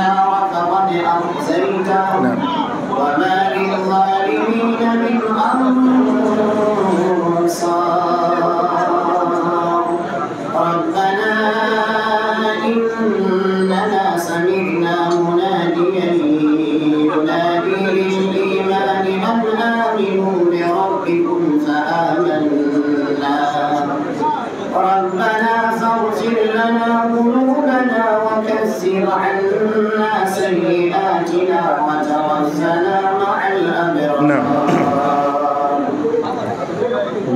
النار فقد أخزيته نعم. وما للظالمين من أنصار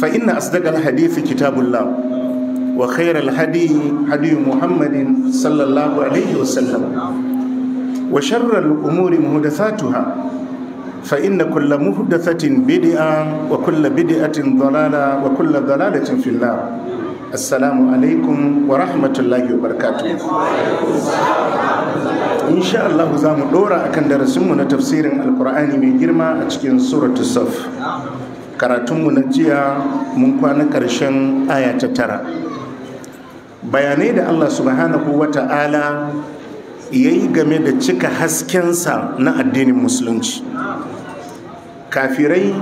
فإن أصدق الحديث كتاب الله وخير الهدي هدي محمد صلى الله عليه وسلم وشر الأمور محدثاتها فإن كل محدثة بدعة وكل بدعة ضلالة وكل ضلالة في النار السلام عليكم ورحمة الله وبركاته إن شاء الله زام دورا أكن درسمنا تفسير القرآن من جرما أتكين سورة الصف karatunmu na jiya mun kwana ƙarshen aya ta tara bayanai da allah subhanahu wa ta'ala ya yi game da cika haskensa na addinin musulunci kafirai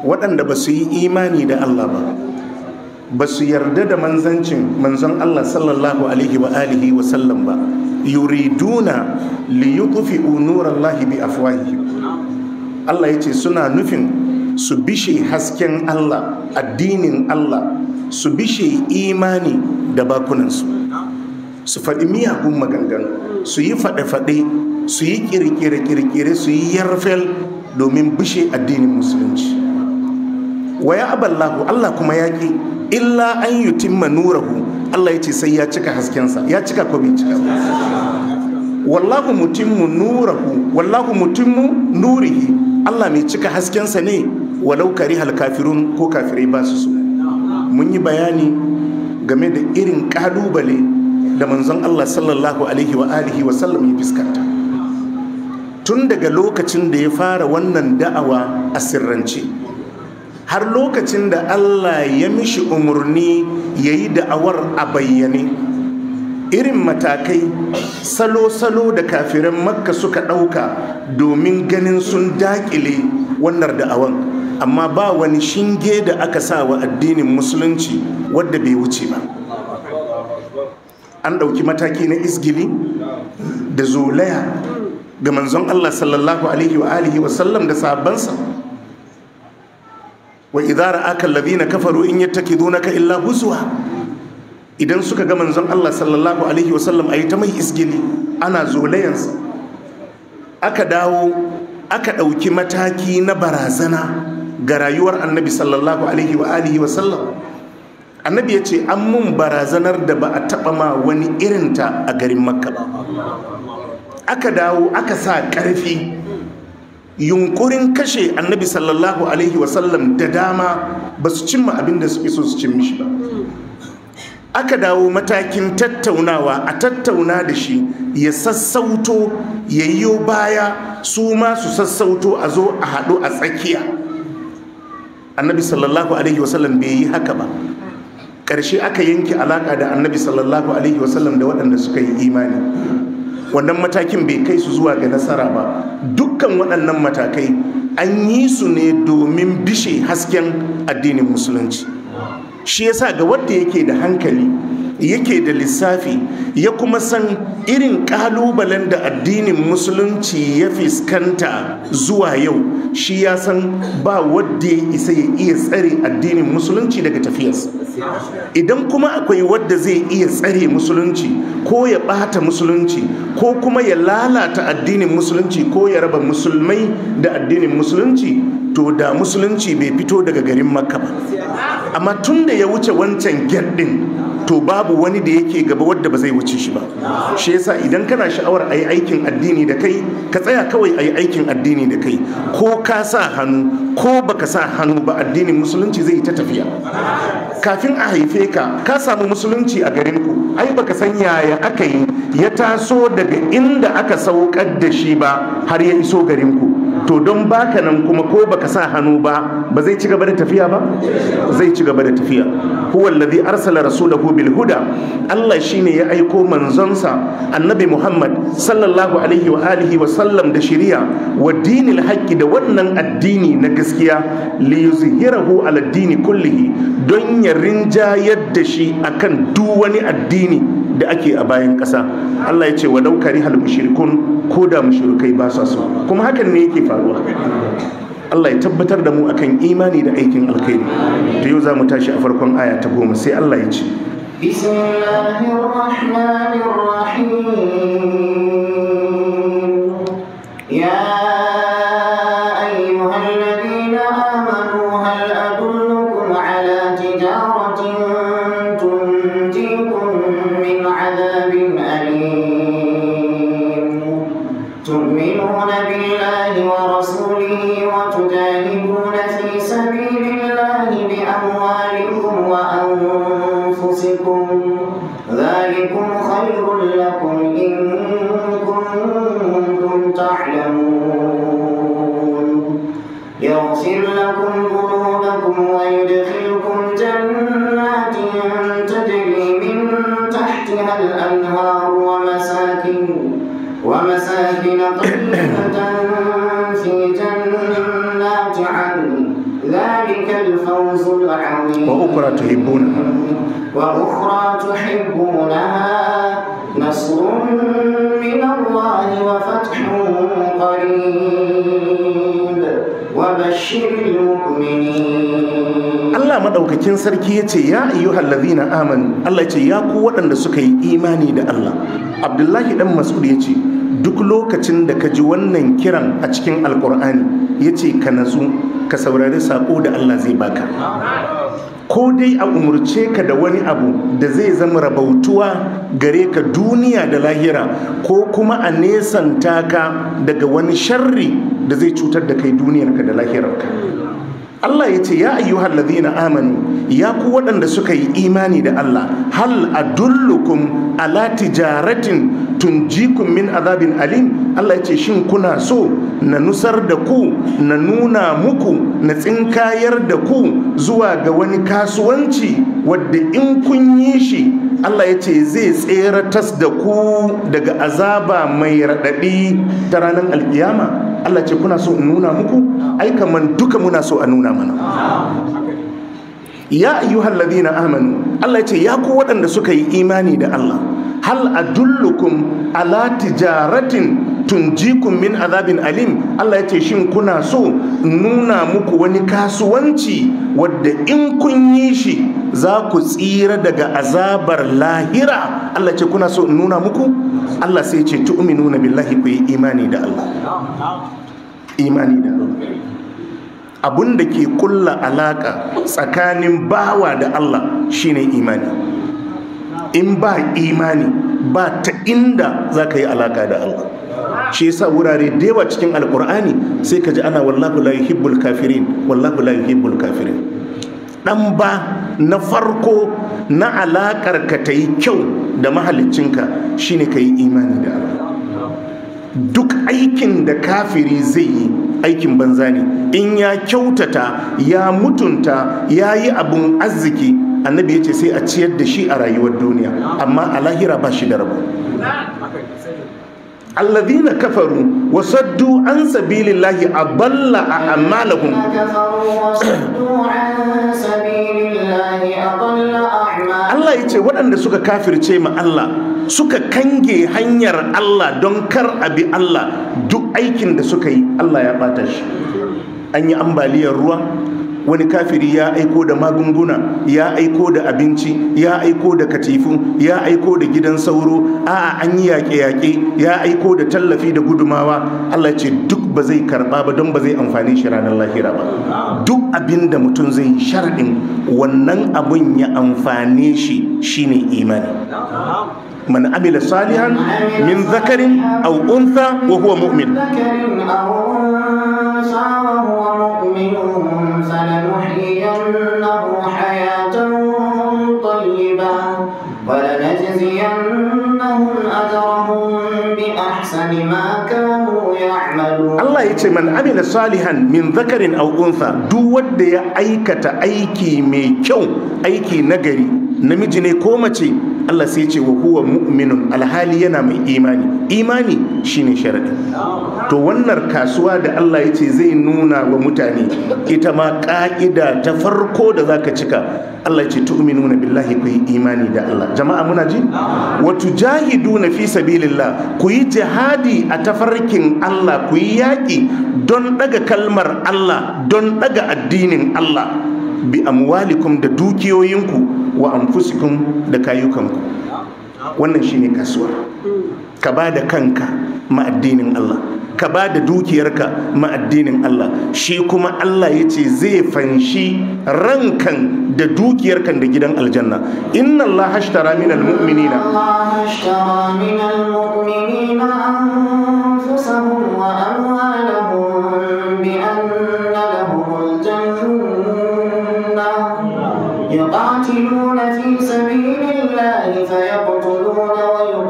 waɗanda ba su yi imani da allah ba ba su yarda da manzancin manzon allah sallallahu alaihi wa alihi wa sallam ba yuriduna li yutfi'u unurallahi bi afwahihim allah ya ce suna nufin su bishe hasken Allah addinin Allah su bishe imani da bakunansu su faɗi miyagun maganganu su yi faɗe-faɗe su yi kirkire-kirkire su yi yarfel domin bishe addinin musulunci waya ya aballahu Allah kuma ya ƙi illa an yi timma Allah ya ce sai ya cika haskensa ya cika ko bai cika wallahu mutimmu nurahu wallahu mutimmu nurihi Allah mai cika haskensa ne walau karihal kafirun ko kafirai ba su so mun yi bayani game da irin kalubale da manzon Allah sallallahu alaihi wa alihi wa sallam ya fiskanta tun daga lokacin da ya fara wannan da'awa a sirrance har lokacin da Allah ya mishi umarni ya yi da'awar a bayyane irin matakai salo-salo da kafirin makka suka ɗauka domin ganin sun daƙile wannan da'awan amma ba wani shinge da aka sa wa addinin musulunci wadda bai wuce ba an ɗauki mataki na isgili da zolaya ga manzon Allah sallallahu alaihi wa alihi wa sallam da sabansa wa idara aka ladina kafaru in yattakidunaka illa huzwa idan suka ga manzon Allah sallallahu alaihi wa sallam ayi ta mai isgili ana zolayansa aka dawo aka ɗauki mataki na barazana ga rayuwar annabi sallallahu alaihi wa alihi wa sallam annabi ya ce an mun barazanar da ba a taɓa ma wani irinta a garin makka ba aka dawo aka sa ƙarfi yunkurin kashe annabi sallallahu alaihi wa sallam, da dama ba su cimma abin da suke so su cin mishi ba aka dawo matakin tattaunawa a tattauna da shi ya sassauto ya yi baya su ma su sassauto a zo a haɗu a tsakiya annabi sallallahu alaihi wasallam bai yi haka ba ƙarshe aka yanke alaƙa da annabi sallallahu alaihi wasallam da waɗanda suka yi imani wannan matakin bai kai su zuwa ga nasara ba dukkan waɗannan matakai an yi su ne domin bishe hasken addinin musulunci shi yasa ga wanda yake da hankali yake da lissafi ya kuma san irin kalubalen da addinin musulunci ya fiskanta zuwa yau shi ya san ba wadda ya isa ya iya tsare addinin musulunci daga tafiyarsa idan kuma akwai wadda zai iya tsare musulunci ko ya bata musulunci ko kuma ya lalata addinin musulunci ko ya raba musulmai da addinin musulunci to da musulunci bai fito daga garin makka ba amma tun da ya wuce wancan get ɗin. to babu wani da yake gaba wadda ba zai wuce shi ba shi yasa idan kana sha'awar a yi aikin addini da kai ka tsaya kawai a yi aikin addini da kai ko ka sa hannu ko baka sa hannu ba addinin musulunci zai ta tafiya kafin a haife ka ka samu musulunci a garin ku ai baka san yaya aka yi ya taso daga inda aka saukar da shi ba har ya iso garin ku to don baka nan kuma ko baka sa hannu ba ba zai ci gaba da tafiya ba zai ci gaba da tafiya huwa allazi arsala rasulahu bil huda Allah shine ya aiko manzonsa annabi Muhammad sallallahu alaihi wa alihi wa sallam da shari'a wa dinil haqqi da wannan addini na gaskiya li yuzhirahu ala dini kullihi don ya rinjayar da shi akan duk wani addini da ake a bayan ƙasa Allah ya ce wa laukari hal mushrikun ko da mushrikai ba sa so kuma hakan ne yake faruwa Allah ya tabbatar da mu akan imani da aikin alkhairi to yau za mu tashi a farkon aya ta goma sai Allah ya ce bismillahir rahmanir rahim ربكم ذلكم خير لكم إن كنتم تعلمون يغفر لكم ذنوبكم ويدخلكم جنات تجري من تحتها الأنهار ومساكن ومساكن طيبة في جنات عدن ذلك الفوز العظيم وأخرى تحبونها وأخرى تحبونها نصر من الله وفتح قريب وبشر المؤمنين Allah madaukakin sarki ya ce ya ayyuhal ladhina amanu Allah ya ce ya ku waɗanda suka yi imani da Allah Abdullahi dan Mas'ud ya ce duk lokacin da ka ji wannan kiran a cikin alkur'ani ya ce ka natsu ka saurari saƙo da Allah zai baka ko dai a umarce ka da wani abu da zai zama rabautuwa gare ka duniya da lahira ko kuma a nesanta ka daga wani sharri da zai cutar da kai duniyarka da lahirarka Allah ya ce ya ayyuhal ladhina amani, ya ku waɗanda suka yi imani da Allah hal a dullukun ala tijaratin tunjikum min azabin alim Allah ya ce shin kuna so na nusar da ku na nuna muku na tsinkayar da ku zuwa ga wani kasuwanci wadda in kun yi shi Allah ya ce zai tseratas da ku daga azaba mai raɗaɗi ta ranar alkiyama Allah ce kuna so in nuna muku ai kaman duka muna so a nuna mana ya ayyuhal ladina amanu Allah ya ce ya ku waɗanda suka yi imani da Allah hal adullukum ala tijaratin tunjikum min azabin alim Allah ya ce shin kuna so in nuna muku wani kasuwanci wadda in kun yi shi za ku tsira daga azabar lahira Allah ce kuna so in nuna muku Allah sai ce tu'minuna billahi ku yi imani da Allah imani da Allah abun da ke kulla alaka tsakanin bawa da Allah shine imani in ba imani ba ta inda za ka yi alaka da Allah shi yasa wurare da yawa cikin alkur'ani sai ka ji ana wallahu la yuhibbul kafirin wallahu la yuhibbul kafirin ɗan ba na farko na alaƙar ka ta yi kyau da mahaliccinka shine ka yi imani da Allah duk aikin da kafiri zai yi aikin banza ne in ya kyautata ya mutunta ya yi abun arziki annabi ya ce sai a ciyar da shi a rayuwar duniya amma a lahira ba shi da rabu الذين كفروا وصدوا an sabilillahi الله a أعمالهم Allah yace ce waɗanda suka kafirce ma Allah suka kange hanyar Allah don kar a bi Allah duk aikin da suka yi Allah ya ɓata shi an yi ambaliyar ruwa wani kafiri ya aiko da magunguna ya aiko da abinci ya aiko da katifu ya aiko da gidan sauro a an yi yaƙe-yaƙe ya aiko da tallafi da gudumawa Allah ce duk ba zai karɓa ba don ba zai amfani shi ranar lahira ba duk abin da mutum zai sharɗin wannan abun ya amfane shi shine imani man amila salihan min zakarin ذكر untha وهو mu'min فلنحيينه حياة طيبة ولنجزينهم أجرهم بأحسن ما كانوا يعملون من عمل صالحا من ذكر أو أنثى دو ود يا أيكة أيكي ميكو أيكي نجري namiji ne ko mace Allah sai ce wa huwa mu'minun alhali yana mai imani imani shine sharadi to wannan kasuwa da Allah ya ce zai nuna wa mutane ita ma ka'ida ta farko da zaka cika Allah ya ce tu'minuna billahi ku yi imani da Allah jama'a muna ji wa na fi sabilillah ku yi jihadi a tafarkin Allah ku yi yaki don daga kalmar Allah don daga addinin Allah bi amwalikum da dukiyoyinku wa anfusikum da kayukanku wannan shine kasuwa ka ba da kanka ma addinin Allah ka ba da dukiyarka ma addinin Allah shi kuma Allah ya ce zai fanshi rankan da dukiyarkan da gidan aljanna inna Allah hashtara minal mu'minina Allah hashtara anfusahum wa يقاتلون في سبيل الله فيقتلون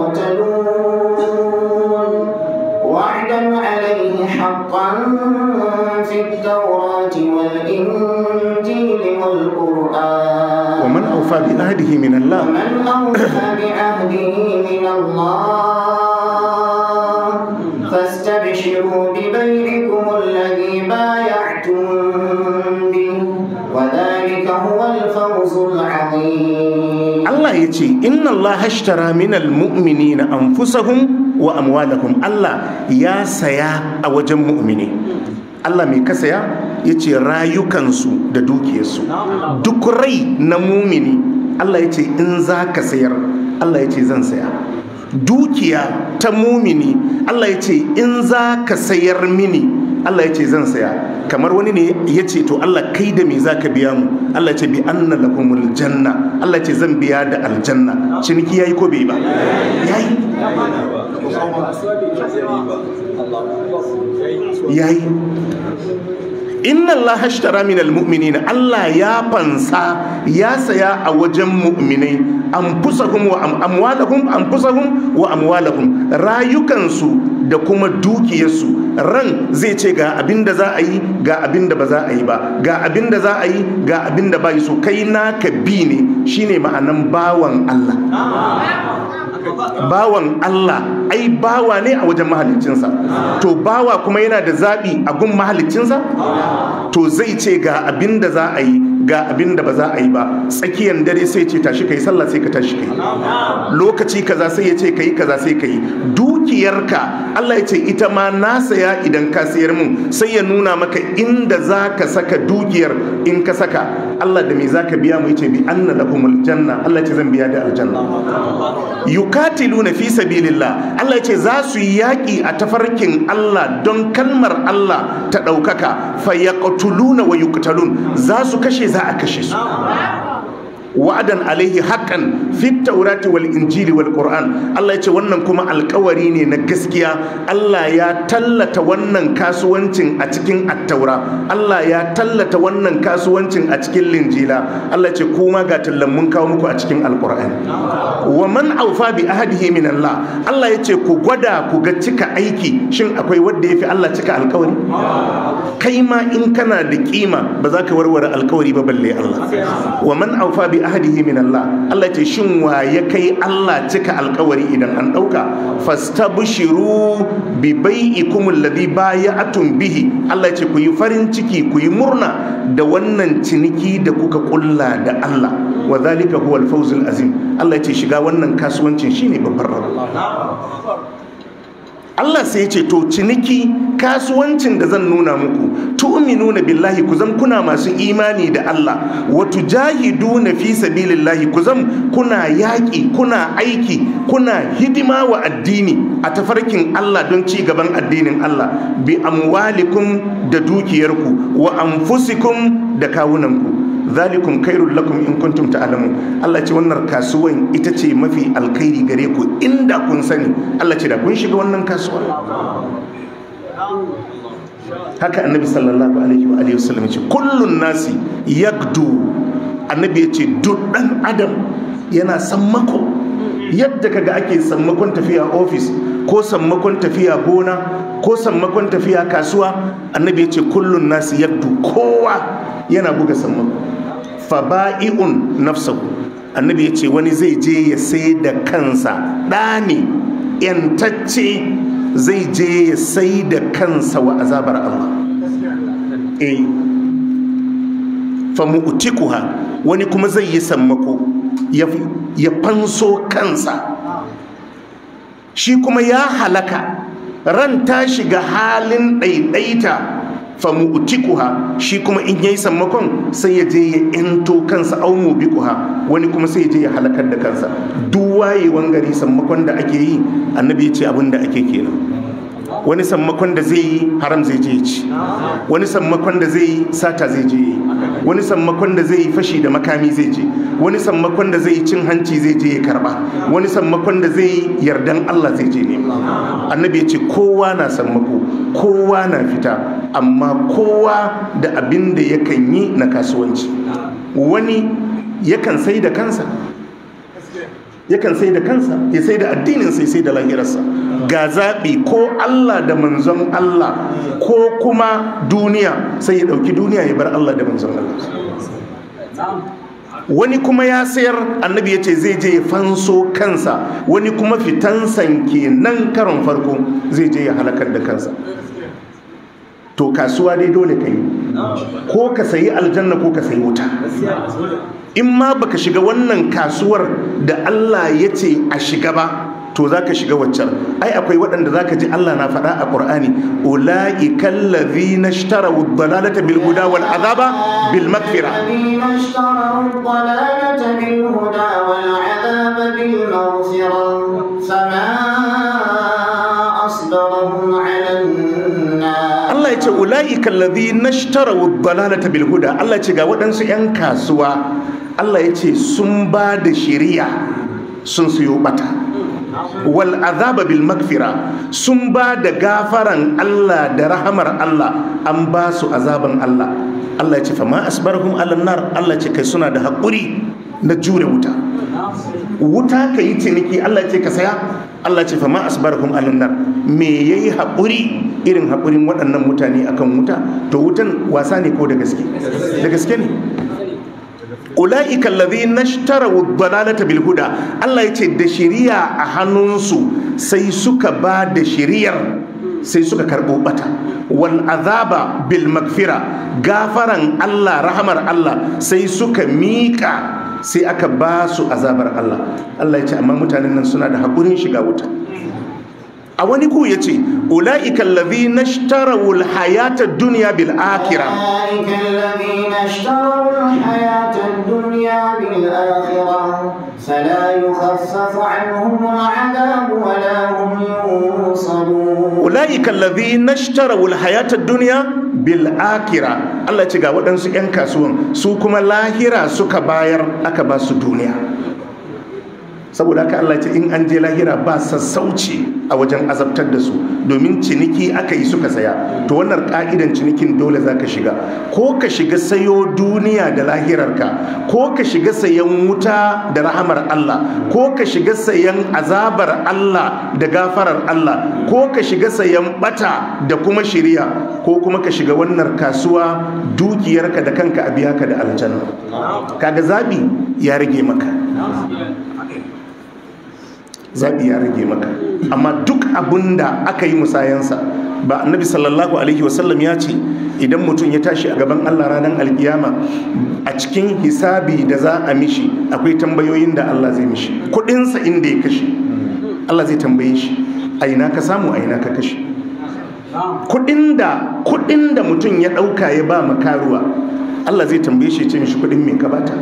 ويقتلون وعدا عليه حقا في التوراة والإنجيل والقرآن ومن أوفى بعهده من الله ومن أوفى بعهده من الله فاستبشروا ببيعكم الذي بايعتم ce inna Allah hashtara minal na anfusahum wa amwalahum Allah ya saya a wajen mu'mini Allah mai ka saya ya ce rayukansu da dukiyarsu duk rai na mumini Allah ya ce in za ka sayar Allah ya ce zan saya dukiya ta mumini Allah ya ce in za ka sayar mini Allah ya ce zan saya kamar wani ne ya ce to Allah kai da me zaka biya mu Allah ya ce bi anna lakumul janna Allah ya ce zan biya da aljanna ciniki yayi ko bai ba yayi yayi inna Allah hashtara min almu'minina Allah ya fansa ya saya a wajen mu'minai anfusahum wa amwalahum anfusahum wa amwalahum rayukansu da kuma dukiyarsu ran zai ce ga abin da za a yi ga abin da ba za a yi ba ga abin da za a yi ga abin da ba yi so kai naka bi ne shine ma'anan bawan Allah bawan Allah ai bawa ne a wajen mahalicinsa to bawa kuma yana da zaɓi a gun mahalicinsa to zai ce ga abin da za a yi ga abin da ba za a yi ba tsakiyar dare sai ce tashi kai sallah sai ka tashi kai lokaci kaza sai ya ce kai kaza sai yi duk dukiyarka Allah ya ce ita ma na saya idan ka sayar mun sai ya nuna maka inda za ka saka dukiyar in ka saka Allah da me za ka biya mu ce bi anna lahumul janna Allah ya ce zan biya da aljanna yukatiluna fi sabilillah Allah ya ce za su yi yaki a tafarkin Allah don kalmar Allah ta ɗaukaka. fayaqtuluna wa yuqtalun za su kashe za a kashe su wa'adan alaihi haqqan fi taurati wal injili wal qur'an Allah ya ce wannan kuma alƙawari ne na gaskiya Allah ya tallata wannan kasuwancin a cikin attaura Allah ya tallata wannan kasuwancin a cikin linjila Allah ya ce kuma ga tallan mun kawo muku a cikin alqur'ani wa man aufa bi ahadihi min Allah Allah ya ce ku gwada ku ga cika aiki shin akwai wanda yafi Allah cika alƙawari? kai ma in kana da kima ba za ka warware alƙawari ba balle Allah wa man aufa bi ahdihi min Allah Allah ce shin wa ya kai Allah cika alkawari idan an dauka fastabshiru bi bai'ikum alladhi bay'atum bihi Allah ce ku yi farin ciki ku yi murna da wannan ciniki da kuka kulla da Allah wa zalika huwa al azim Allah ce shiga wannan kasuwancin shine babbar rabo Allah sai ya ce to ciniki kasuwancin da zan nuna muku na billahi ku zan kuna masu imani da Allah wa na fi sabilillahi ku zan kuna yaƙi kuna aiki kuna hidima wa addini a tafarkin Allah don ci gaban addinin Allah bi amwalikum da dukiyarku wa anfusikum da kawunanku zalikum khairul lakum in kuntum ta'lamun Allah ce wannan kasuwan ita ce mafi alkhairi gare ku inda kun sani Allah ce da kun shiga wannan kasuwan. haka annabi sallallahu alaihi wa alihi wasallam ce kullun nasi yagdu annabi ya ce duk dan adam yana sammako yadda kaga ake sammakon tafiya ofis, ko sammakon tafiya gona ko sammakon tafiya kasuwa annabi ya ce kullun nasi yagdu kowa yana buga sammako faba'i'un nafsaku, annabi ya ce wani zai je ya sai da kansa ɗani yantacce zai je ya sai da kansa wa azabar Allah eh ha, wani kuma zai yi sammako ya fanso kansa shi kuma ya halaka ran ta shiga halin ɗaiɗaita ha shi kuma in yayi sammakon sai ya je ya into kansa au ha. wani kuma sai ya je ya halakar da kansa duk wayewan gari sammakon da ake yi annabi ya ce abin da ake kenan wani sammakon da zai yi haram zai je ci wani sammakon da zai yi sata zai je yi wani sammakon da zai yi fashi da makami zai je wani sammakon da zai yi cin hanci zai je ya karba wani sammakon da zai yi yardan Allah zai je ne annabi ya ce kowa na sammako kowa na fita amma kowa da abin da yakan yi na kasuwanci wani yakan sai da kansa yakan sai da kansa ya sai da addinin sai sai da lahirarsa ga zaɓi ko Allah da manzon Allah ko kuma duniya sai ya ɗauki duniya ya bar Allah da manzon Allah wani kuma ya sayar annabi ya ce zai je ya fanso kansa wani kuma fitansan kenan karon farko zai je ya halakar da kansa to kasuwa dai dole ka yi ko ka sayi aljanna ko ka sayi wuta in ma baka shiga wannan kasuwar da Allah ya ce a shiga ba to za ka shiga waccan ai akwai waɗanda za ka ji Allah na faɗa a ƙur'ani ula'i kallazi na shtara dalalata bil guda wal azaba bil magfira bil guda wal azaba bil magfira Allah ya ce ulaika alladhina ishtaraw ad-dalalata bil huda Allah ya ce ga waɗansu 'yan kasuwa Allah ya ce sun ba da shiriya sun siyo bata wal azaba bil magfira sun ba da gafaran Allah da rahamar Allah an ba su azaban Allah Allah ya ce fa ma asbarhum alannar Allah ya ce kai suna da haƙuri na jure wuta wuta ka yi ciniki Allah ce ka saya Allah ce fama asbarakum alannar me yayi haƙuri irin haƙurin waɗannan mutane akan wuta to wutan wasa ne ko da gaske da gaske ne ula'ika alladhina ishtaraw dalalata bil huda Allah yace da shiriya a hannunsu sai suka ba da shiriyar sai suka karɓo ɓata. wal azaba bil magfira gafaran Allah rahamar Allah sai suka miƙa sai aka ba su azabar Allah Allah ya ce amma mutanen nan suna da haƙurin shiga wuta a wani ku ya ce ula'ikan lafi na shtarawul hayatar duniya bil akira ula'ikan lafi na shtarawul hayatar duniya bil akira فلا يخفف عنهم العذاب ولا هم ينصرون أولئك الذين اشتروا الحياة الدنيا بالآخرة الله يتقى ودنسو ينكسون سوكما لاهرة سوكا باير أكباس الدنيا saboda haka Allah ce in an je lahira ba sassauci a wajen azabtar da su domin ciniki aka yi suka saya to wannan ka'idan cinikin dole za ka shiga ko ka shiga sayo duniya da lahirarka ko ka shiga sayan wuta da rahamar Allah ko ka shiga sayan azabar Allah da gafarar Allah ko ka shiga sayan bata da kuma shirya ko kuma ka shiga wannan kasuwa dukiyarka da kanka a biya ka da aljanna kaga zabi ya rage maka zaɓi ya rage maka amma duk abin da aka yi musayansa ba annabi sallallahu alaihi wasallam ya ce idan mutum ya tashi a gaban allah ranar alkiyama a cikin hisabi da za a mishi akwai tambayoyin da allah zai mishi kudinsa inda ya kashe allah zai tambaye shi a ina ka samu a ina ka kashe kudin da kudin da mutum ya ɗauka ya ba makaruwa allah zai tambaye shi ya ce mishi kudin me ka bata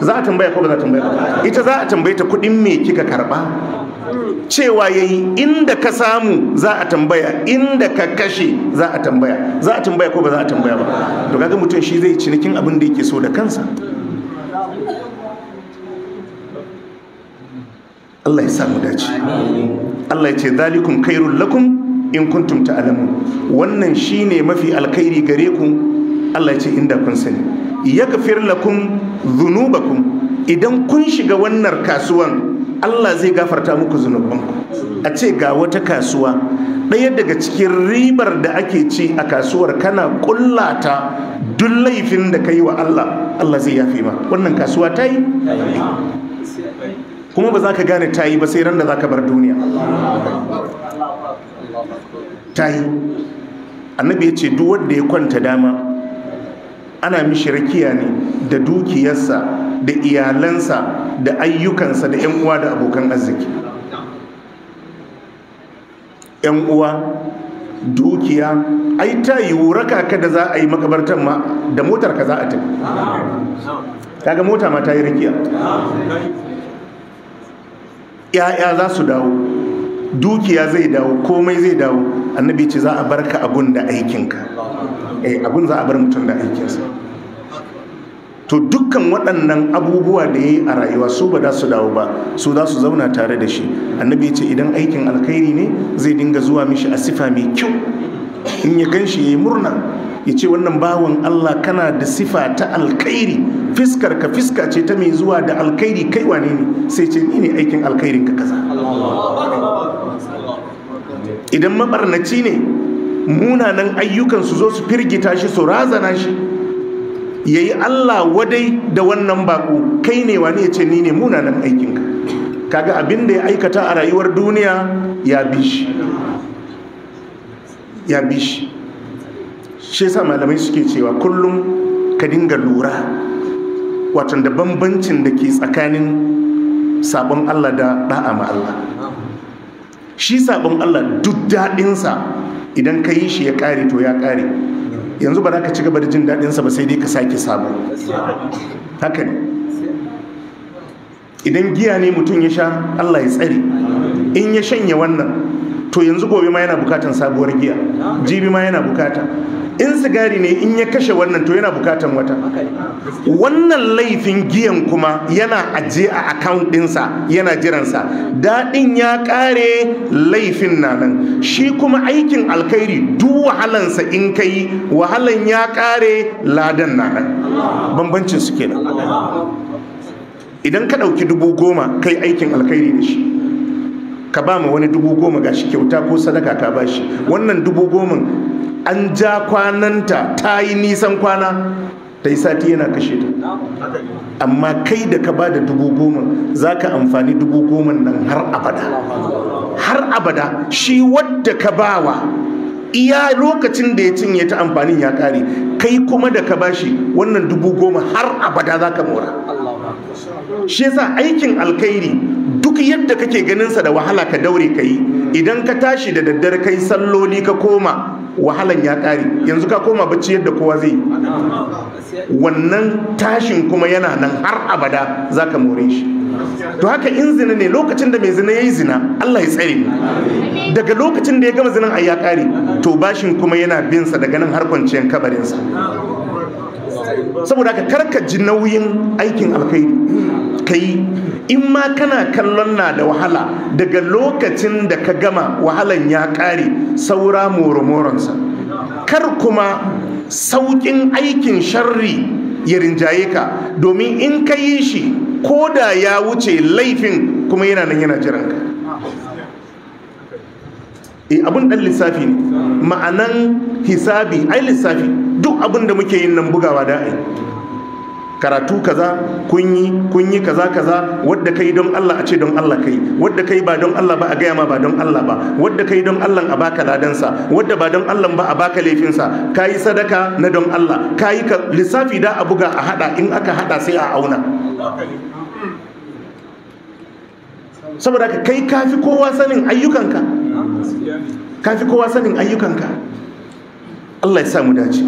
za a tambaya ko ba za a tambaya ba ita za a tambaye ta kudin me kika karba cewa yayi inda ka samu za a tambaya inda ka kashe za a tambaya za a tambaya ko ba za a tambaya ba to kaga mutum shi zai cinikin abin da yake so da kansa Allah ya samu dace Allah ya ce zalikum khairul lakum in kuntum ta'lamun wannan shine mafi alkhairi gare ku Allah ya ce inda kun sani yaghfir lakum dhunubakum idan kun shiga wannan kasuwan Allah zai gafarta muku zunubanku a ce ga wata kasuwa ɗaya daga cikin ribar da ake ci a kasuwar kana kullata duk laifin da ka yi wa Allah Allah zai yafi ma wannan kasuwa ta yi kuma ba za ka gane ta yi ba sai ran da za ka bar duniya ta yi annabi ya ce duk wanda ya kwanta dama ana mishi rakiya ne da dukiyarsa da iyalansa da ayyukansa da 'yan uwa da abokan arziki 'yan uwa dukiya ai ta yi wuraka ka da za a yi makabartan ma da motar ka za a tafi kaga mota ma ta yi rakiya ya'ya za su dawo dukiya zai dawo komai zai dawo annabi ce za a bar ka abun da aikinka eh abun za a bar mutum da aikinsa to dukkan waɗannan abubuwa da ya yi a rayuwa su ba za su dawo ba su za su zauna tare da shi annabi ya ce idan aikin alkhairi ne zai dinga zuwa mishi a sifa mai kyau in ya gan shi ya yi murna ya ce wannan bawan allah kana da sifa ta alkhairi fiskar ka fiska ce ta mai zuwa da alkhairi kai wane ne sai ce ni ne aikin alkhairin ka kaza idan mabarnaci ne munanan ayyukan su zo su firgita shi su razana shi ya yi Allah wadai da wannan baƙo kai ne wani ya ce ni ne munanan aikinka kaga abin da ya aikata a rayuwar duniya ya bi shi ya bi shi shi sa malamai suke cewa kullum ka dinga lura watan da bambancin da ke tsakanin sabon Allah da da'a ma Allah shi sabon Allah duk daɗinsa idan ka yi shi ya ƙare to ya ƙare yanzu ba za ka ci gaba da jin daɗinsa ba sai dai ka sake sabo haka ne idan giya ne mutum ya sha Allah ya tsare in ya shanya wannan to yanzu gobe ma yana bukatan sabuwar giya jibi ma yana bukata in sigari ne in ya kashe wannan to yana bukatan wata wannan laifin giyan kuma yana aje a account dinsa yana jiransa daɗin ya ƙare laifin na nan shi kuma aikin alkhairi duk wahalansa in ka yi wahalan ya ƙare ladan na nan bambancin suke kenan idan ka ɗauki dubu goma kai aikin alkhairi da shi ka ba ma wani dubu goma shi kyauta ko sadaka ka ba shi wannan dubu goma an ja kwananta ta yi nisan kwana ta yi sati yana kashe ta amma kai da ka ba da dubu goma za ka amfani dubu goma nan har abada har abada shi wadda ka bawa iya lokacin da ya cinye ta amfanin ya kare kai kuma da ka shi wannan dubu goma har abada za ka mora shi yasa aikin alkhairi duk yadda kake ganin sa da wahala ka daure ka yi idan ka tashi da daddare kai salloli ka koma wahalan ya ƙare yanzu ka koma bacci yadda kowa zai wannan tashin kuma yana nan har abada za ka more shi to haka in zina ne lokacin da mai zina ya yi zina Allah ya tsare daga lokacin da ya gama zinan a ya ƙare to bashin kuma yana binsa daga nan har kwanciyar kabarinsa saboda ka karka ji nauyin aikin alkhairi ka yi in ma kana kallon na da wahala daga lokacin da ka gama wahalan ya ƙare saura moromoronsa kar kuma sauƙin aikin sharri ya rinjaye ka domin in ka yi shi ko da ya wuce laifin kuma yana nan yana jiran ka e abin ɗan lissafi ne ma'anan hisabi ai lissafi duk abin da muke yin nan bugawa da'ai karatu kaza kun yi kaza kaza wadda kai don Allah a ce don Allah kai wadda kai ba don Allah ba a gaya ma ba don Allah ba wadda kai don Allah a baka ladansa wadda ba don Allah ba a baka laifinsa kayi sadaka na don Allah kayi ka lissafi da a buga a hada in aka hada sai a auna saboda kai kafi kowa sanin ayyukanka kafi kowa sanin ayyukanka Allah ya samu dace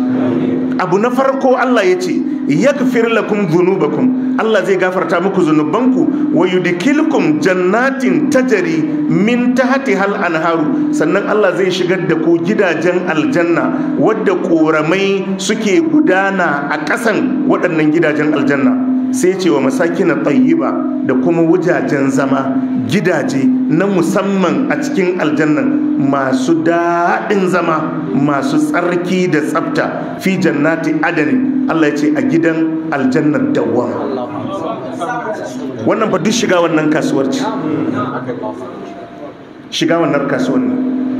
abu na farko Allah ya ce yakfir lakum dhunubakum Allah zai gafarta muku zunubanku wa yudkhilukum jannatin tajri min tahtiha al-anharu sannan Allah zai shigar da ku gidajen aljanna wadda ƙoramai suke gudana a ƙasan waɗannan gidajen aljanna sai ce wa masakina tayyiba da kuma wujajen zama gidaje na musamman a cikin aljannan masu daɗin zama masu tsarki da tsafta fi jannati adani Allah ya ce a gidan aljannar dawwama wannan ba duk shiga wannan kasuwar ce shiga wannan kasuwar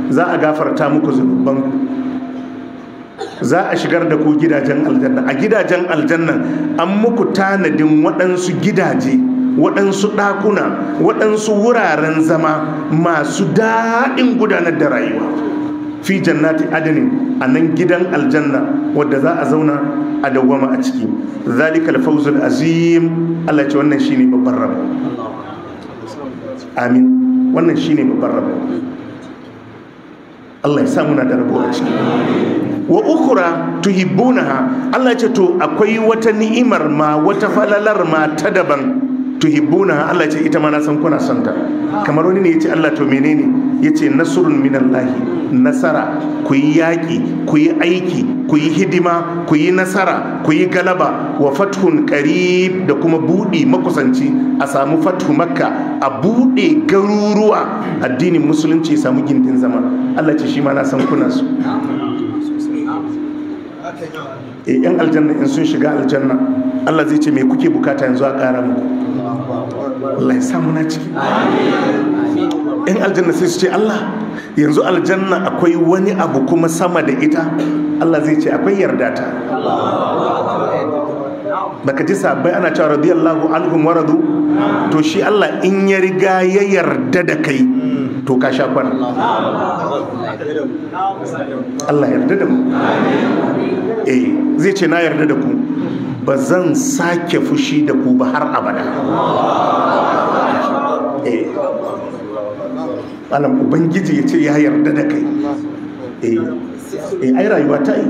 za a gafarta muku zubban za a shigar da ku gidajen aljanna a gidajen aljanna an muku tanadin waɗansu gidaje waɗansu ɗakuna waɗansu wuraren zama masu daɗin gudanar da rayuwa fi jannati adani a nan gidan aljanna wadda za a zauna a dawwama a ciki zalikal fawzul azim Allah ce wannan shine babban rabo amin wannan shine babban rabo Allah ya sa muna da rabo a ciki wa ukura tuhibbunaha Allah ce to akwai wata ni'imar ma wata falalar ma ta daban tuhibbunaha Allah ce ita ma na san kuna son ta kamar wani ne yace Allah to menene yace nasrun minallahi nasara ku yi yaƙi ku yi aiki ku yi hidima ku yi nasara ku yi galaba wa fathun qarib da kuma buɗe makusanci a samu fathu makka a buɗe garuruwa addinin musulunci samu gindin zama Allah ce shi ma na san kuna su in eh, yan aljanna in sun shiga aljanna Allah zai ce me kuke bukata yanzu a ƙara muku Allah ya samu na ciki yan aljanna sai su ce Allah yanzu aljanna akwai wani abu kuma sama da ita Allah zai ce akwai yarda ta baka ji sabai ana cewa radiyallahu anhum waradu to shi Allah in ya riga ya yarda da kai to ka sha kwana Allah yarda da mu E zai ce na yarda da ku ba zan sake fushi da ku ba har abada E, eh. alam ubangiji ya ce ya yarda da kai E, ai rayuwa ta yi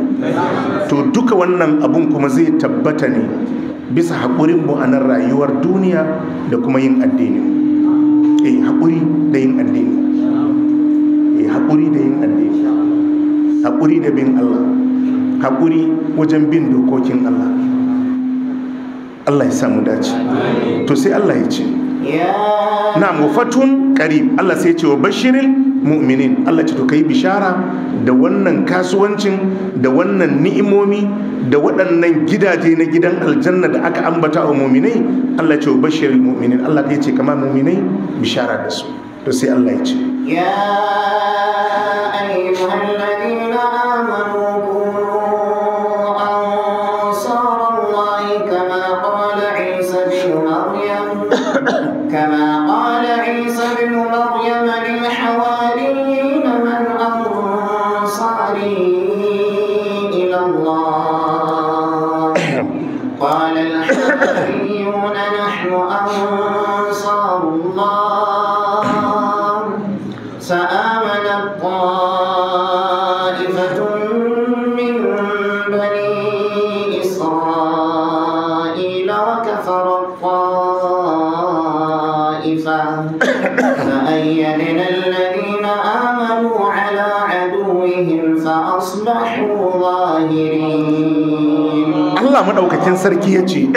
to duka wannan abun kuma zai tabbata ne bisa haƙurin mu a nan rayuwar duniya da kuma yin addini E, haƙuri da yin addini E, haƙuri da yin addini haƙuri da bin Allah haƙuri wajen bin dokokin Allah Allah ya samu dace to sai Allah ya ce na mufatun ƙarib Allah sai ce wa bashirin mu'minin Allah ce to kai bishara da wannan kasuwancin da wannan ni'imomi da waɗannan gidaje na gidan aljanna da aka ambata wa mu'minai Allah ce wa bashirin mu'minin Allah ya ce kama mu'minai bishara da su to sai Allah ya ce ya ayyuhan Allah maɗaukakin sarki ya ce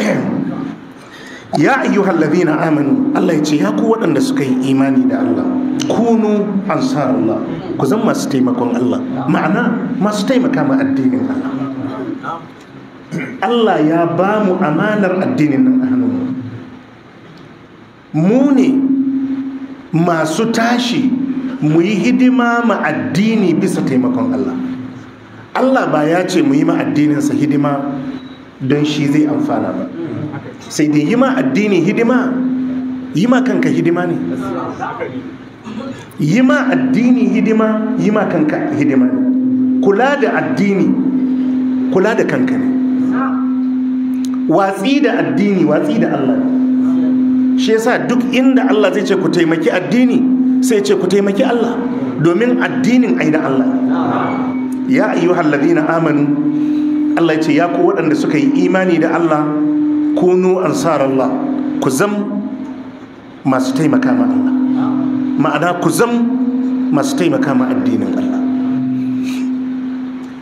ya ayyuhal ladina amanu Allah ya ce ya ku waɗanda suka yi imani da Allah kunu ansarullah ku zan masu taimakon Allah ma'ana masu taimaka ma addinin Allah Allah ya ba mu amanar addinin nan a hannu mu ne masu tashi mu yi hidima ma addini bisa taimakon Allah Allah ba ya ce mu yi ma addininsa hidima don shi zai amfana ba sai dai yi ma addini hidima yi ma kanka hidima ne yi ma addini hidima yi ma kanka hidima ne kula da addini kula da kanka ne watsi da addini watsi da Allah shi yasa duk inda Allah zai ce ku taimaki addini sai ce ku taimaki Allah domin addinin aida Allah ya ayyuhal ladina amanu Allah ya ce ya ku waɗanda suka yi imani da Allah kunu Allah ku zam masu taimaka ma Allah ma'ana ku zam masu taimaka ma addinin Allah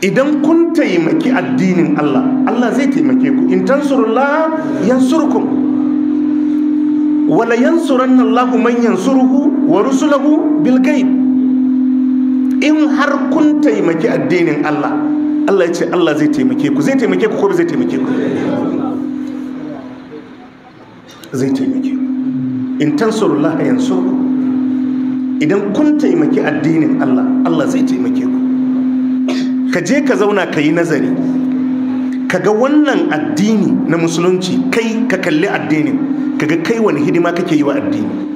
idan kun taimaki addinin Allah Allah zai taimake ku in tansurullah yansurkum wala yansuranna Allahu man yansuruhu wa rusulahu bil ghaib in har kun taimaki addinin Allah Allah ya ce Allah zai taimake ku zai taimake ku ko zai taimake ku zai taimake ku in tansurullah yanzu idan kun taimaki addinin Allah Allah zai taimake ku ka je ka zauna ka yi nazari ka ga wannan addini na musulunci kai ka kalli addinin ka ga kai wani hidima kake yi wa addini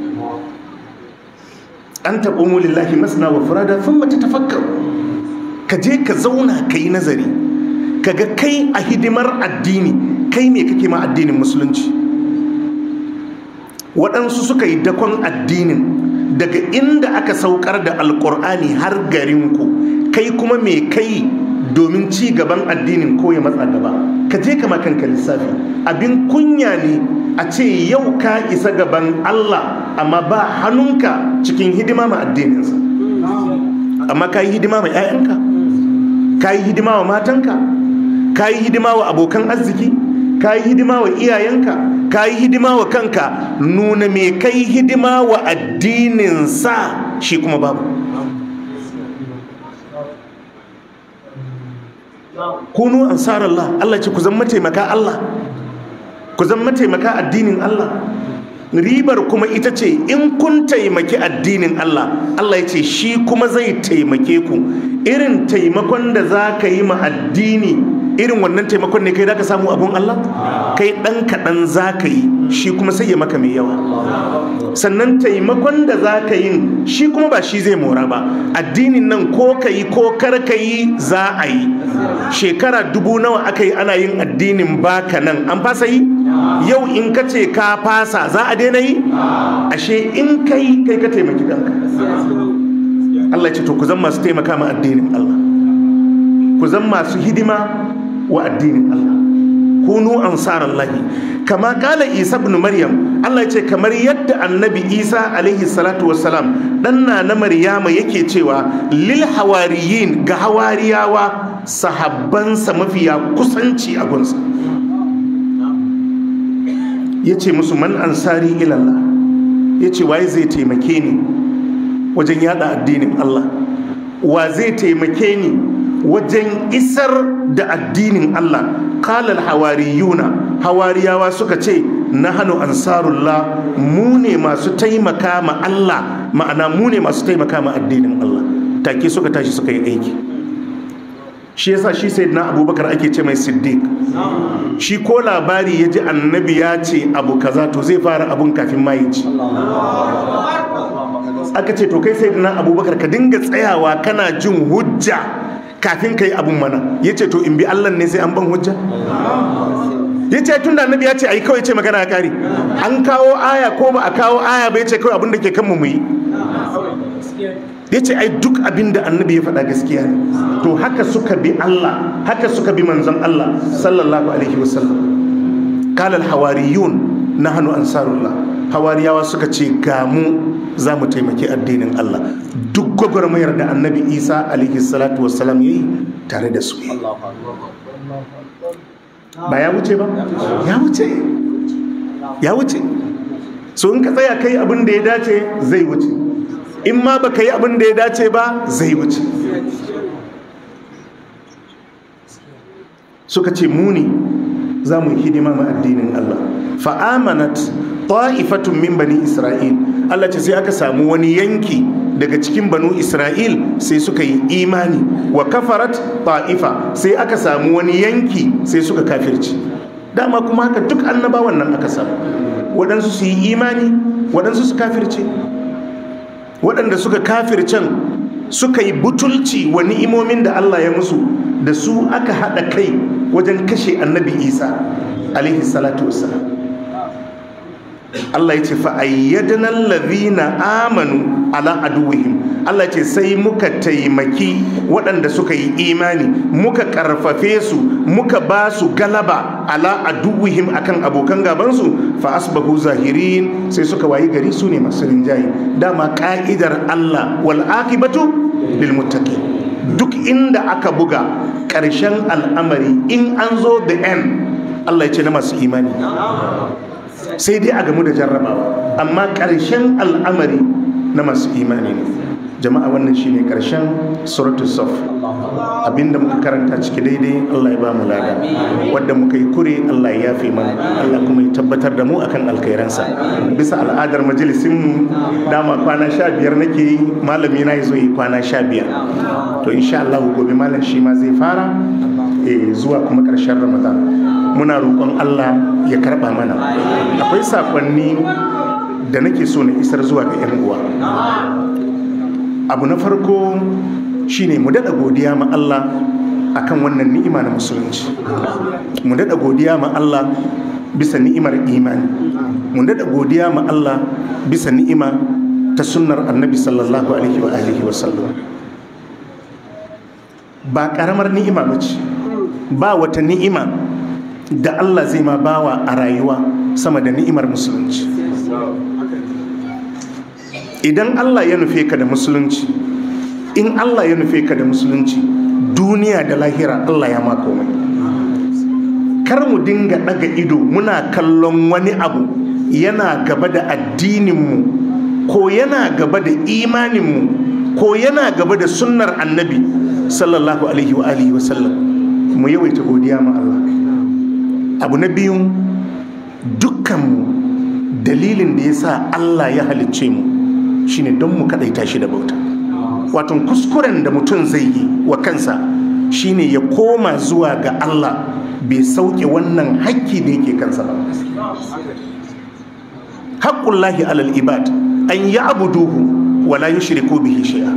an taɓo mulillahi masana wa furada sun mace tafakkaru ka je ka zauna ka yi nazari ka ga kai a hidimar addini kai me kake ma addinin musulunci waɗansu suka yi dakon addinin daga inda aka saukar da alkur'ani har garinku kai kuma me kai domin ci gaban addinin ko ya matsa gaba ka je kama kanka lissafi abin kunya ne a ce yau ka isa gaban Allah amma ba hannunka cikin hidima ma addininsa amma ka yi hidima ma 'ya'yanka ka yi hidima wa matanka ka yi hidima wa abokan arziki ka yi hidima wa iyayenka ka yi hidima wa kanka nuna me kai hidima wa addininsa shi kuma babu kunu ansarallah Allah ce ku zama taimaka Allah ku zama taimaka addinin Allah ribar kuma ita ce in kun taimaki addinin Allah Allah ya ce shi kuma zai taimake ku irin taimakon da za ka yi ma addini irin wannan taimakon ne kai da ka samu abun Allah kai ɗan kaɗan za ka yi shi kuma sai ya maka mai yawa sannan taimakon da za ka yi shi kuma ba shi zai mora ba addinin nan ko ka yi ko kar ka yi za a yi shekara dubu nawa aka yi ana yin addinin baka nan an fasa yi yau in ka ce ka fasa za a daina yi ashe in ka yi kai ka taimaki kanka Allah ya ce to ku zan masu taimaka ma addinin Allah ku zan masu hidima wa addinin Allah kunu ansarallahi kama kala isa ibn maryam Allah ya ce kamar yadda annabi isa alaihi salatu wassalam dan na maryama yake cewa lil hawariyin ga hawariyawa sahabbansa mafiya kusanci a gunsa ya ce musu man ansari ilallah ya ce waye zai taimake ni wajen yada addinin Allah wa zai taimake ni wajen isar da addinin Allah kalal hawariyuna hawariyawa suka ce na hannu ansarullah mu ne masu taimaka ma Allah ma'ana mu ne masu taimaka ma addinin Allah take suka tashi suka yi aiki shi yasa shi sai na abubakar ake ce mai siddiq shi ko labari ya ji annabi ya ce abu kaza to zai fara abun kafin mayici aka ce to kai sai na abubakar ka dinga tsayawa kana jin hujja kafin ka yi abin mana ya ce to in bi Allah ne sai an ban hujja ya ce tun da annabi ya ce yi kawai ce magana a kare an kawo aya ko ba a kawo aya ba ya ce kawai abin da ke kanmu mu yi ya ce ai duk abin da annabi ya faɗa gaskiya ne to haka suka bi Allah haka suka bi manzon Allah sallallahu alaihi wasallam kalal hawariyun na hannu ansarullah hawariyawa suka ce ga mu za mu taimaki addinin Allah duk gwagwarmayar da annabi isa alaihi salatu ya yi tare da su ba ya wuce ba ya wuce ya wuce so in ka tsaya kai abin da ya dace zai wuce in ma ba ka yi abin da ya dace ba zai wuce suka ce muni za mu yi hidima ma addinin allah Fa'amanat ta'ifatun min bani isra'il Allah ce sai aka samu wani yanki daga cikin banu isra'il sai suka yi imani wa kafarat ta'ifa sai aka samu wani yanki sai suka kafirci dama kuma haka duk annabawan nan aka samu waɗansu su yi imani waɗansu su kafirce waɗanda suka kafircen suka yi butulci wa ni'imomin da Allah ya musu da su aka haɗa kai wajen kashe annabi isa alaihi salatu Allah ya ce fa ayyadanal amanu ala aduwihim Allah ya ce sai muka taimaki waɗanda suka yi imani muka ƙarfafesu, su muka ba su galaba ala aduwihim akan abokan gabansu, fa asbahu zahirin sai suka wayi gari su ne masu rinjaye dama ka'idar Allah wal akibatu lil muttaqin duk inda aka buga ƙarshen al'amari in an zo the end Allah ya ce na masu imani sai dai a gamu da jarrabawa amma ƙarshen al'amari na masu imani ne jama'a wannan shine ƙarshen suratul saf abinda muka karanta ciki daidai Allah ya ba mu lada wadda muka yi kure Allah ya yafe mana Allah kuma ya tabbatar da mu akan alkhairansa bisa al'adar majalisin mu dama kwana sha biyar nake yi malami na yazo yi kwana sha biyar to insha Allah gobe malam shi ma zai fara eh, zuwa kuma karshen Ramadan muna roƙon Allah ya karɓa mana akwai saƙonni da nake so na isar zuwa ga 'yan uwa abu na farko shine mu daɗa godiya ma Allah akan wannan ni'ima na musulunci mu daɗa godiya ma Allah bisa ni'imar imani mu daɗa godiya ma Allah bisa ni'ima ta sunnar annabi sallallahu alaihi wa alihi wa sallam ba ƙaramar ni'ima ba ce ba wata ni'ima da Allah zai ma bawa a rayuwa sama da ni'imar musulunci idan Allah ya nufe ka da musulunci in Allah ya nufe ka da musulunci duniya da lahira Allah ya mako komai kar mu dinga daga ido muna kallon wani abu yana gaba da addininmu ko yana gaba da imaninmu ko yana gaba da sunnar annabi sallallahu alaihi wa alihi wa sallam mu yawaita godiya ma Allah abu na biyu, dukkanmu dalilin da ya sa Allah ya halicce mu shine don mu kaɗaita shi da bauta wato kuskuren da mutum zai yi wa kansa shine ya koma zuwa ga Allah bai sauke wannan haƙƙi da yake kansa ba haƙƙullahi alal ibad an yi abuduhu wala shiriku bihi shay'a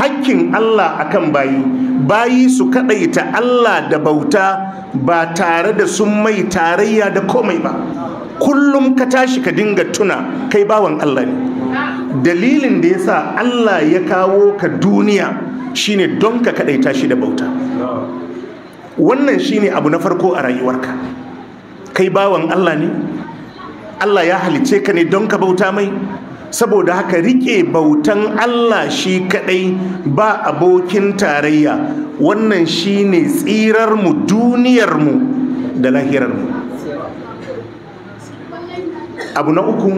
Haƙƙin Allah akan bayi bayi su kaɗaita Allah da bauta ba tare da sun mai tarayya da komai ba kullum ka tashi ka dinga tuna kai bawan Allah ne dalilin da ya sa Allah ya kawo ka duniya shine don ka kaɗai tashi da bauta wannan shine abu na farko a rayuwarka kai bawan Allah ne Allah ya halice ka ne don ka bauta mai saboda haka rike bautan Allah shi kadai ba abokin tarayya wannan shine tsirar mu duniyar da lahirar mu abu na uku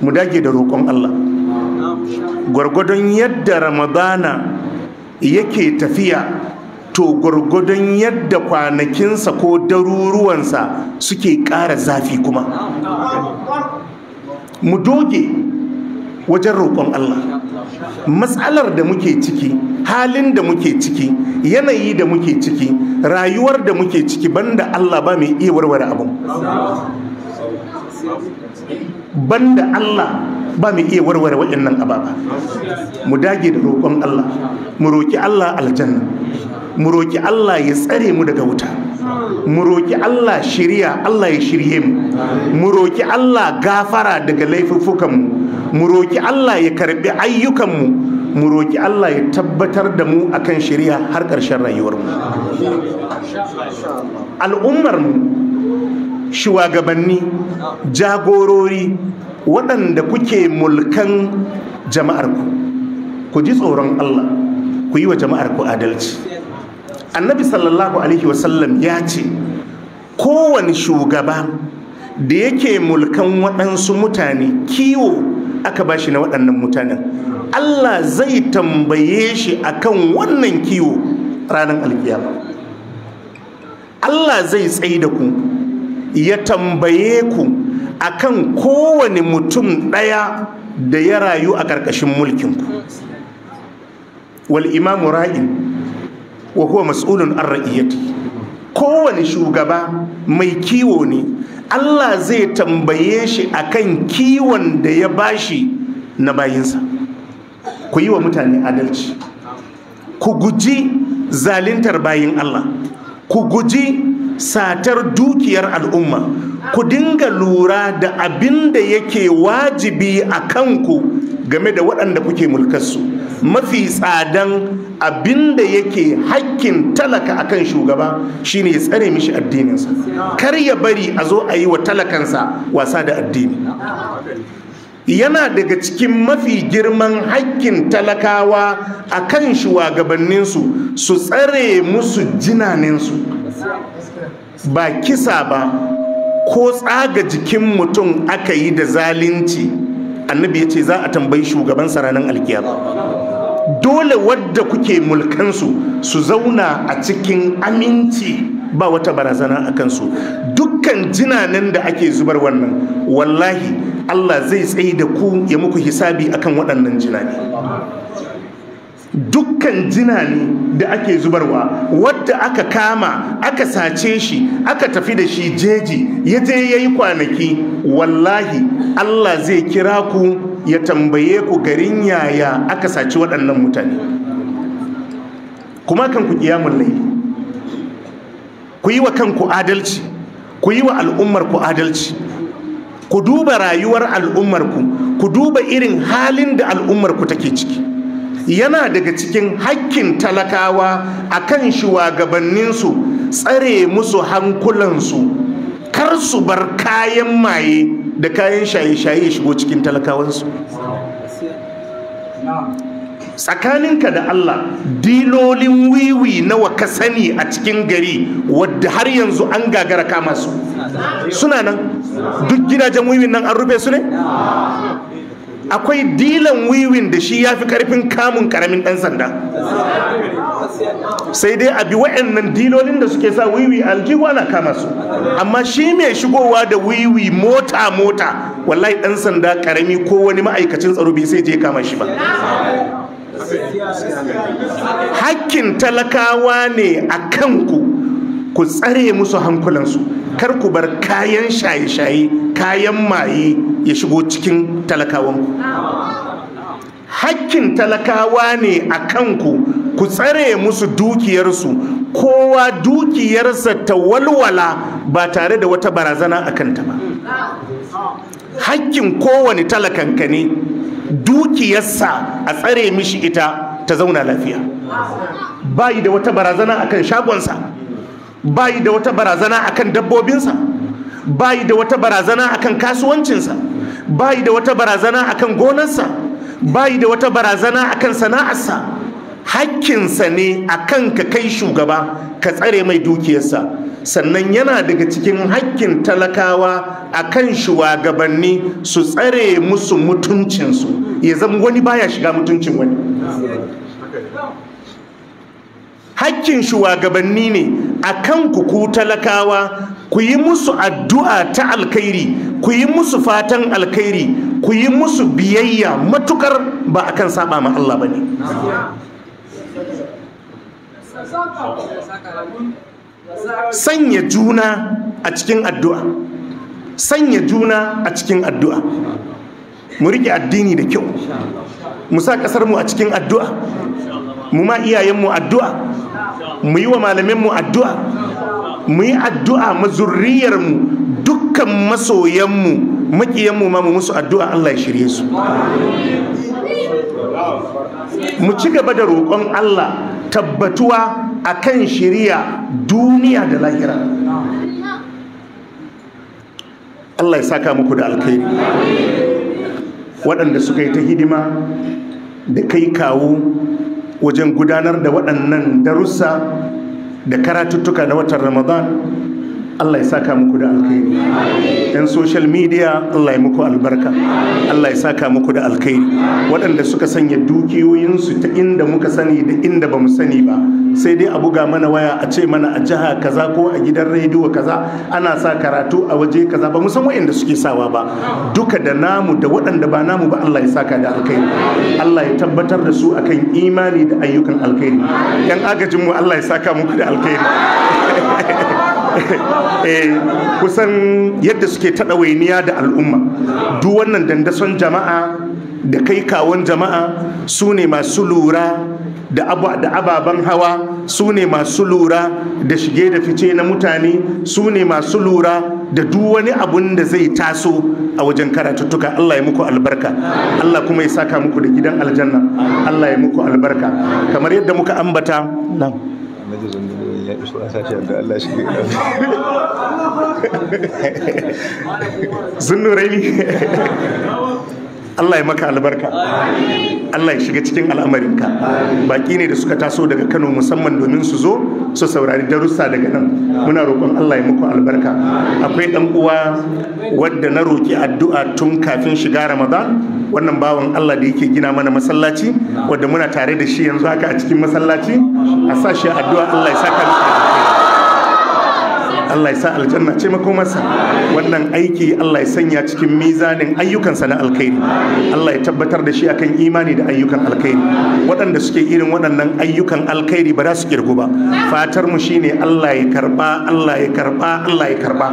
mu dage da roƙon Allah gwargwadon yadda ramadana yake tafiya to gwargwadon yadda kwanakinsa ko daruruwansa suke ƙara zafi kuma mu doge wajen roƙon Allah matsalar da muke ciki halin da muke ciki yanayi da muke ciki rayuwar da muke ciki banda Allah ba mai iya warware abin banda Allah ba mai iya warware waɗannan ababa mu dage da roƙon Allah mu roƙi Allah aljanna mu roƙi Allah ya tsare mu daga wuta mu roƙi Allah shirya Allah ya shirye mu mu roƙi Allah gafara daga laifuffukan mu mu roki Allah ya karbi ayyukan mu mu roki Allah ya tabbatar da mu akan shirya har ƙarshen rayuwar mu al'ummar mu shugabanni jagorori waɗanda kuke mulkan jama'arku ku ji tsoron Allah ku yi wa jama'arku adalci annabi sallallahu alaihi wasallam ya ce kowane shugaba da yake mulkan waɗansu mutane kiwo aka bashi na waɗannan mutanen Allah zai tambaye shi akan wannan kiwo ranar alkiyama Allah zai tsaye da ku ya tambaye ku akan kowane mutum ɗaya da ya rayu a ƙarƙashin mulkinku wal imamu ra'in wa huwa mas'ulun an ra'iyati kowane shugaba mai kiwo ne Allah zai tambaye shi akan kiwon da ya bashi na bayinsa ku yi wa mutane adalci ku guji zalintar bayin Allah ku guji satar dukiyar al'umma ku dinga lura da abin da yake wajibi a kanku game da waɗanda kuke mulkarsu mafi tsadan abinda yake hakkin talaka akan shugaba shine tsare mishi addininsa kar ya bari a zo a yi wa talakansa wasa da addini yana daga cikin mafi girman hakkin talakawa a kan shugabanninsu su tsare musu jinaninsu ba kisa ba ko tsaga jikin mutum aka yi da zalunci annabi ya ce za a tambayi shugaban saranin alkiyar dole wadda kuke mulkansu su zauna a cikin aminci ba wata barazana a kansu dukkan jinanen da ake zubar wannan wallahi Allah zai tsaye da ku ya muku hisabi akan waɗannan jinane dukkan jinane da ake zubarwa wadda aka kama aka sace shi aka tafi da shi jeji ya je ya yi kwanaki wallahi Allah zai kira ku ya tambaye ku garin yaya aka saci waɗannan mutane kuma kan ku kiyamun ku yi wa kanku adalci ku yi wa al'ummarku adalci ku duba rayuwar al'ummarku ku duba irin halin da al'ummarku take ciki yana daga cikin hakkin talakawa a kan shugabanninsu tsare musu hankulansu kar su bar kayan maye da kayan shaye-shaye shigo cikin talakawansu tsakaninka da Allah dilolin wiwi nawa ka sani a cikin gari wadda har yanzu an gagara kama su suna nan duk gidajen wiwi nan an rufe su ne akwai dilan wiwin da shi ya fi karfin kamun karamin ɗan sanda sai dai a bi wa'annan dilolin da suke sa wiwi aljihu ana kama su amma shi mai shigowa da wiwi mota mota wallahi ɗan sanda karami ko wani ma'aikacin tsaro bai sai je kama shi ba hakkin talakawa ne a kanku ku tsare musu hankulansu kar ku bar kayan shaye-shaye kayan maye ya shigo cikin talakawanku hakkin talakawa ne a kanku ku tsare musu dukiyarsu kowa dukiyarsa ta walwala ba tare da wata barazana a kanta ba hakkin kowane talakanka ne dukiyarsa a tsare mishi ita ta zauna lafiya bayi da wata barazana akan shagonsa bayi da wata barazana akan dabbobinsa bayi da wata barazana akan kasuwancinsa bayi da wata barazana akan gonarsa bayi da wata barazana akan sana'arsa hakkinsa ne akan ka kai shugaba ka tsare mai dukiyarsa sannan yana daga cikin hakkin talakawa a kan shugabanni su tsare musu mutuncinsu ya zama wani baya shiga mutuncin wani hakkin shugabanni ne a kan ku talakawa ku yi musu addu'a ta alkhairi ku yi musu fatan alkhairi ku yi musu biyayya matukar ba a kan saba ma Allah ba ne. sanya juna a cikin addu'a sanya juna a cikin addu'a mu rike addini da kyau mu sa kasar a cikin addu'a mu ma iyayenmu addu'a mu yi wa malaminmu addu'a mu yi addu'a ma mu dukkan masoyanmu maƙiyanmu ma mu musu addu'a Allah ya shirye su mu ci gaba da roƙon Allah tabbatuwa a kan shiriya duniya da lahira Allah ya saka muku da alkhairi waɗanda suka yi ta hidima da kai kawo wajen gudanar da waɗannan darussa da karatuttuka na watan ramadan Allah ya saka muku da alkhairi yan social media Allah ya muku albarka Allah ya saka muku da alkhairi waɗanda suka sanya dukiyoyinsu ta inda muka sani da inda ba mu sani ba sai dai a buga mana waya a ce mana a jiha kaza ko a gidan rediyo kaza ana sa karatu a waje kaza ba mu san waɗanda suke sawa ba duka da namu da waɗanda ba namu ba Allah ya saka da alkhairi Allah ya tabbatar da su akan imani da ayyukan alkhairi yan agajinmu Allah ya saka muku da alkhairi Eh, kusan yadda suke taɗa wainiya da al'umma duk wannan dandason jama'a da kai kawon jama'a su ne masu lura da ababen hawa su ne masu lura da shige da fice na mutane su ne masu lura da duk wani abun da zai taso a wajen karatuttuka Allah ya muku albarka Allah kuma ya saka muku da gidan aljanna Allah ya muku albarka kamar yadda muka ambata na iso a sashi da Allah shi ne Allah ya maka albarka Allah ya shiga cikin al'amarinka baki ne da suka taso daga Kano musamman domin su zo su saurari darussa daga nan muna roƙon Allah ya muku albarka akwai ɗan uwa wadda na roki addu'a tun kafin shiga Ramadan wannan bawan Allah da yake gina mana masallaci wadda muna tare da shi yanzu haka a cikin masallaci a sa shi addu'a Allah ya saka masa Allah ya sa aljanna ce makomarsa wannan aiki Allah ya sanya cikin mizanin ayyukansa na alkhairi Allah ya tabbatar da shi akan imani da ayyukan alkhairi waɗanda suke irin waɗannan ayyukan alkhairi ba za su kirgu ba fatar mu shine Allah ya karba Allah ya karba Allah ya karba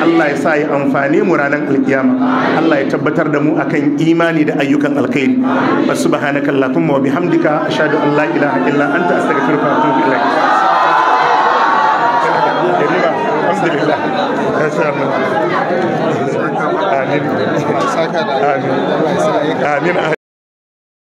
Allah ya sa ya amfane mu ranar alkiyama Allah ya tabbatar da mu akan imani da ayyukan alkhairi subhanakallahumma wa bihamdika ashhadu an la ilaha illa anta astaghfiruka wa atubu ilaik الحمد لله ان امين امين امين